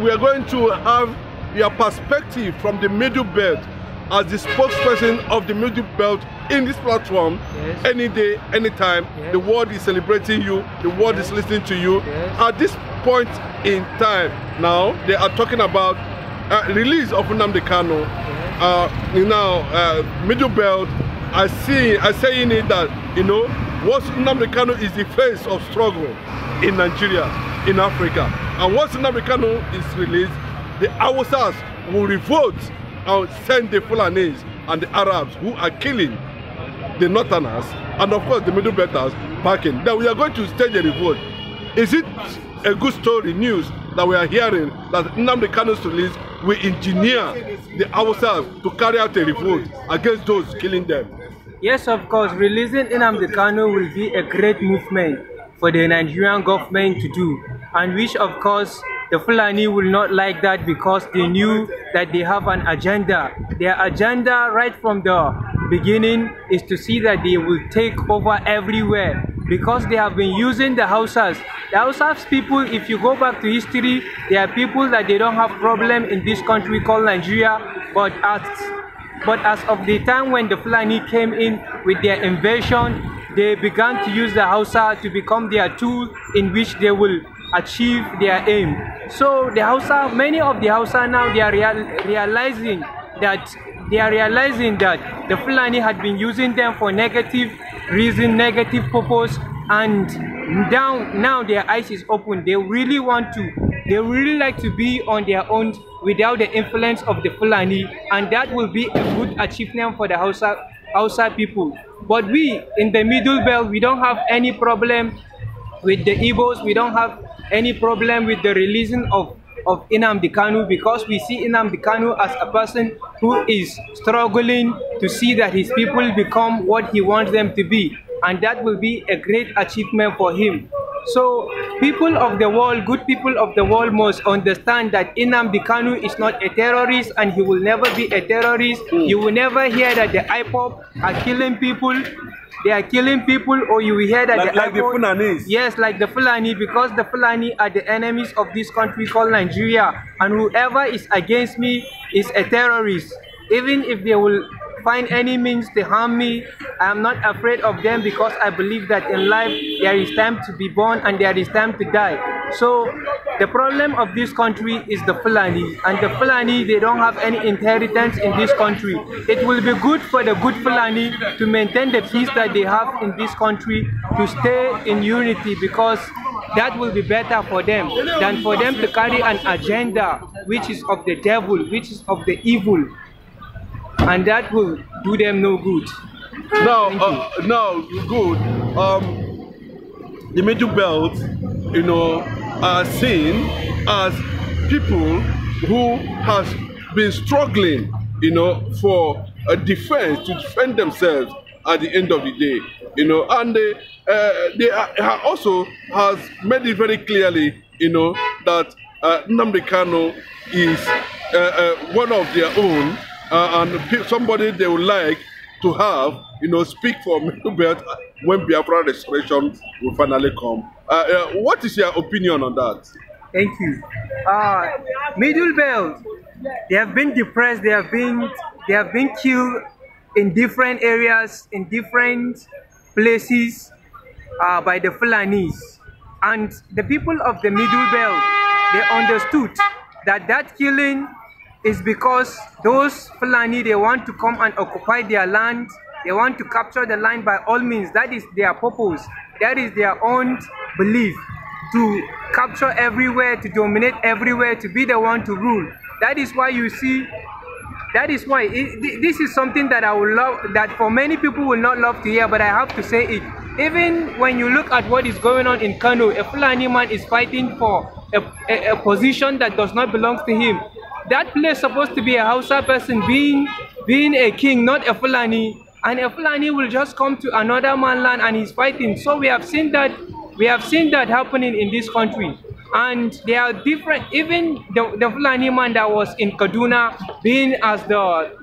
we are going to have your perspective from the Middle Belt as the spokesperson of the Middle Belt in this platform yes. any day, anytime. Yes. The world is celebrating you, the world yes. is listening to you. Yes. At this point in time now, they are talking about uh, release of Nnamdi Kano. Yes. Uh, you now, uh, Middle Belt I see. I say in it that, you know, what Nnamdi Kano is the face of struggle in Nigeria in Africa. And once Nnamdi is released, the Hausas will revolt and send the Fulanis and the Arabs who are killing the Northerners and of course the Middle Belters back in. That we are going to stage a revolt. Is it a good story, news that we are hearing that Nnamdi Kano's release will engineer the Hausas to carry out a revolt against those killing them? Yes, of course. Releasing Nnamdi Kano will be a great movement for the Nigerian government to do and which of course the Fulani will not like that because they knew that they have an agenda. Their agenda right from the beginning is to see that they will take over everywhere because they have been using the Hausas. The Hausas people, if you go back to history, they are people that they don't have problem in this country called Nigeria, but as, but as of the time when the Fulani came in with their invasion, they began to use the Hausa to become their tool in which they will achieve their aim. So the Hausa, many of the Hausa now they are real, realizing that they are realizing that the Fulani had been using them for negative reason, negative purpose, and now now their eyes is open. They really want to, they really like to be on their own without the influence of the Fulani, and that will be a good achievement for the Hausa Hausa people. But we in the Middle Belt, we don't have any problem with the Igbos. We don't have any problem with the releasing of of Inamdi Kanu because we see Inamdi Kanu as a person who is struggling to see that his people become what he wants them to be. And that will be a great achievement for him. So people of the world, good people of the world must understand that Inamdi Kanu is not a terrorist and he will never be a terrorist. You will never hear that the IPOP are killing people they are killing people or oh, you hear that like, the, like the Fulani, Yes, like the Fulani because the Fulani are the enemies of this country called Nigeria and whoever is against me is a terrorist. Even if they will find any means to harm me, I am not afraid of them because I believe that in life there is time to be born and there is time to die. So the problem of this country is the Fulani and the Fulani they don't have any inheritance in this country. It will be good for the good Fulani to maintain the peace that they have in this country to stay in unity because that will be better for them than for them to carry an agenda which is of the devil, which is of the evil and that will do them no good. Now, uh, now, good. Um, the middle belt, you know, are seen as people who has been struggling, you know, for a defense to defend themselves at the end of the day, you know, and they, uh, they are, also has made it very clearly, you know, that uh, is uh, uh, one of their own uh, and somebody they would like to have, you know, speak for Middlebelt when Biafra restoration will finally come. Uh, uh, what is your opinion on that? Thank you. Uh, Middle Belt, they have been depressed. They have been they have been killed in different areas, in different places uh, by the Fulanis. And the people of the Middle Belt, they understood that that killing is because those Fulani, they want to come and occupy their land They want to capture the land by all means. That is their purpose. That is their own belief to capture everywhere, to dominate everywhere, to be the one to rule. That is why you see, that is why it, this is something that I would love, that for many people will not love to hear, but I have to say it. Even when you look at what is going on in Kano, a Fulani man is fighting for a, a, a position that does not belong to him. That place supposed to be a Hausa person being being a king, not a Fulani and a Fulani will just come to another manland and he's fighting. So we have seen that we have seen that happening in this country. And they are different, even the, the Fulani man that was in Kaduna being as the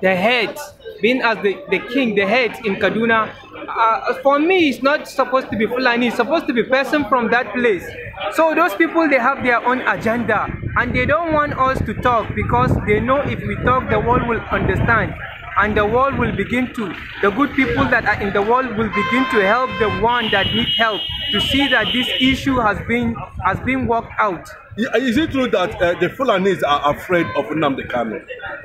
the head, being as the, the king, the head in Kaduna, uh, for me it's not supposed to be Fulani, it's supposed to be person from that place. So those people, they have their own agenda and they don't want us to talk because they know if we talk, the world will understand. and the world will begin to, the good people that are in the world will begin to help the one that need help to see that this issue has been, has been worked out. Is it true that uh, the Fulanis are afraid of Nnamdi Kanu?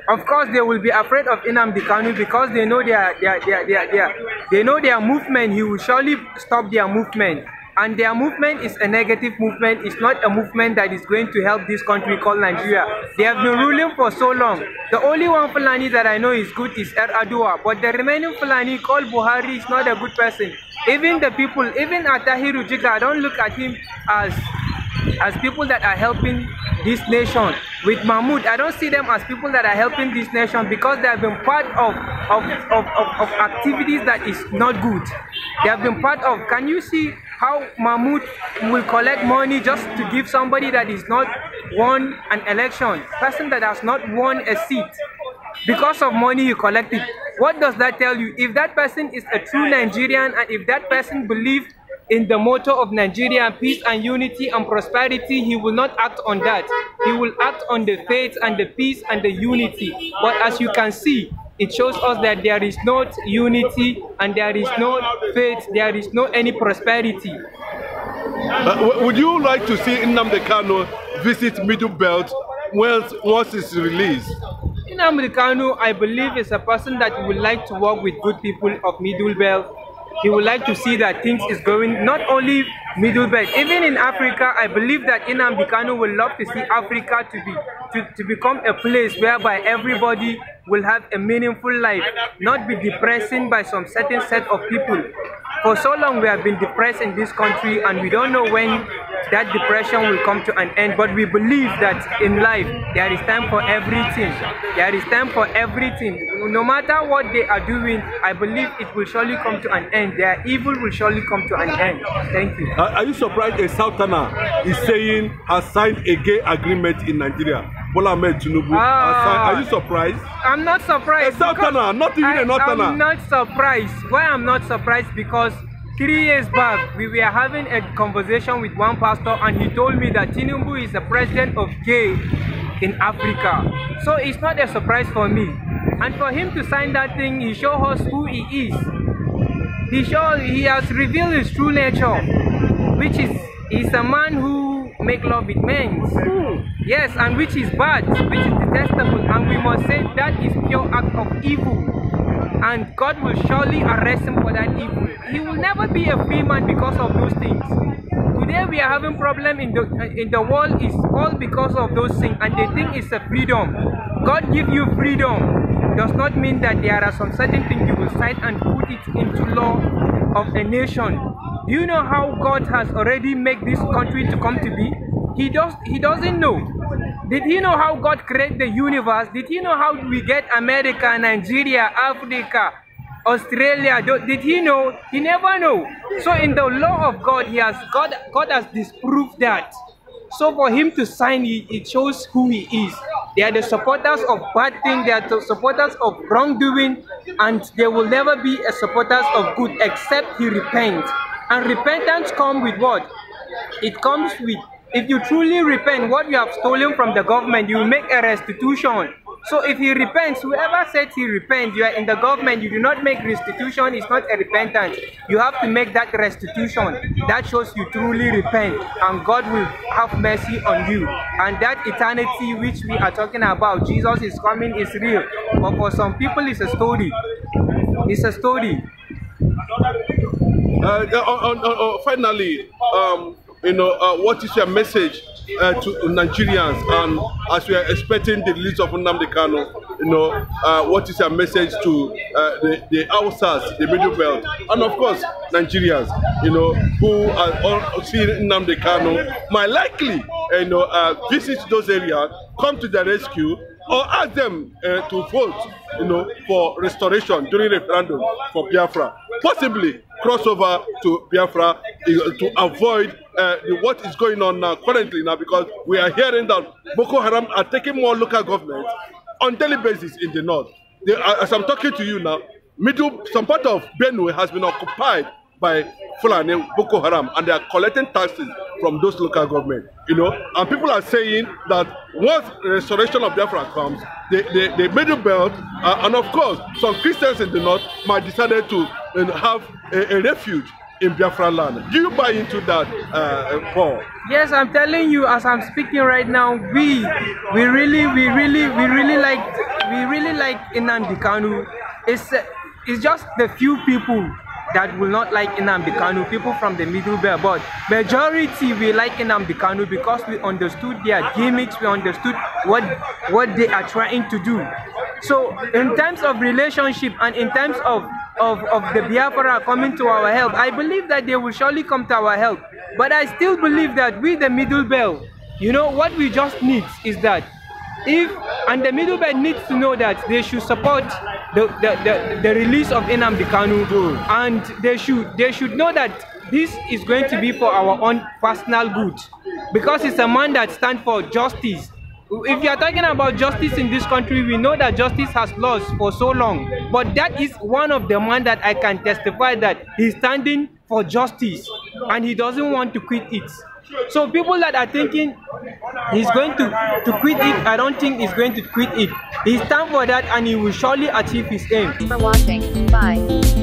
Of course, they will be afraid of Nnamdi Kanu because they know their, their, their, their, their, they know their movement. He will surely stop their movement. and their movement is a negative movement. It's not a movement that is going to help this country called Nigeria. They have been ruling for so long. The only one Fulani that I know is good is Er Adua, but the remaining Fulani called Buhari is not a good person. Even the people, even Atahiru Jiga, I don't look at him as as people that are helping this nation. With Mahmoud, I don't see them as people that are helping this nation because they have been part of, of, of, of, of activities that is not good. They have been part of, can you see how Mahmoud will collect money just to give somebody that is not won an election, person that has not won a seat, because of money you collected. What does that tell you? If that person is a true Nigerian and if that person believes in the motto of Nigerian peace and unity and prosperity, he will not act on that. He will act on the faith and the peace and the unity. But as you can see, it shows us that there is no unity and there is no faith, there is no any prosperity. Uh, would you like to see Nnamdi Kano visit Middle Belt once, once it's released? Nnamdi Kano, I believe, is a person that would like to work with good people of Middle Belt he would like to see that things is going not only middle belt, even in Africa, I believe that in Ambikano, would love to see Africa to be to, to become a place whereby everybody will have a meaningful life, not be depressing by some certain set of people. For so long we have been depressed in this country and we don't know when that depression will come to an end. But we believe that in life, there is time for everything. There is time for everything. No matter what they are doing, I believe it will surely come to an end. Their evil will surely come to an end. Thank you. Uh, are you surprised a Sultana is saying has signed a gay agreement in Nigeria? Bola Ahmed Tinubu. Ah, are you surprised? I'm not surprised. A Sultana, not even I, a Northerner. I'm not surprised. Why I'm not surprised? Because Three years back, we were having a conversation with one pastor and he told me that Tinubu is the president of gay in Africa. So it's not a surprise for me. And for him to sign that thing, he shows us who he is. He shows he has revealed his true nature, which is he's a man who make love with men. Hmm. Yes, and which is bad, which is detestable, and we must say that is pure act of evil. And God will surely arrest him for that evil. He will never be a free man because of those things. Today we are having problem in the in the world is all because of those things, and they think it's a freedom. God give you freedom does not mean that there are some certain things you will cite and put it into law of a nation. Do you know how God has already made this country to come to be? He does he doesn't know. Did he know how God created the universe? Did he know how we get America, Nigeria, Africa, Australia? Did he know? He never know. So in the law of God, he has God God has disproved that. So for him to sign, it, it shows who he is. They are the supporters of bad thing. They are the supporters of wrongdoing, and they will never be a supporters of good except he repent. And repentance come with what? It comes with if you truly repent what you have stolen from the government, you make a restitution. So if he repents, whoever said he repents, you are in the government, you do not make restitution, it's not a repentance. You have to make that restitution. That shows you truly repent and God will have mercy on you. And that eternity which we are talking about, Jesus is coming, is real. But for some people, it's a story. It's a story. Uh, uh uh, uh, uh, finally, um, you know, uh, what is your message uh, to Nigerians? And um, as we are expecting the release of Nnamdi Kanu, you know, uh, what is your message to uh, the, the outsiders, the middle belt, and of course, Nigerians, you know, who are all seeing Nnamdi Kanu might likely, uh, you know, uh, visit those areas, come to the rescue, or ask them uh, to vote, you know, for restoration during referendum for Biafra, possibly crossover to Biafra eh, to avoid uh, what is going on now currently now because we are hearing that Boko Haram are taking more local government on daily basis in the north. They, as I'm talking to you now, middle some part of Benue has been occupied by Fulani, Boko Haram, and they are collecting taxes from those local government. You know, and people are saying that once the restoration of Biafra comes, the, the, the middle belt, uh, and of course, some Christians in the north might decide to uh, have a, a refuge in Biafra land. Do you buy into that, uh, Paul? Yes, I'm telling you, as I'm speaking right now, we, we really, we really, we really like, we really like Inamdi Kanu. It's, it's just the few people that will not like Nnamdi people from the middle belt, but majority we like Nnamdi because we understood their gimmicks, we understood what what they are trying to do. So in terms of relationship and in terms of of, of the Biafra coming to our help, I believe that they will surely come to our help. But I still believe that we, the middle belt, you know, what we just need is that if, and the middle belt needs to know that they should support the, the, the, release of Enam Kanu, and they should they should know that this is going to be for our own personal good because it's a man that stands for justice. If you are talking about justice in this country, we know that justice has lost for so long. But that is one of the man that I can testify that he's standing for justice and he doesn't want to quit it. So people that are thinking he's going to, to quit it, I don't think he's going to quit it. It's time for that and he will surely achieve his aim. for watching. Bye.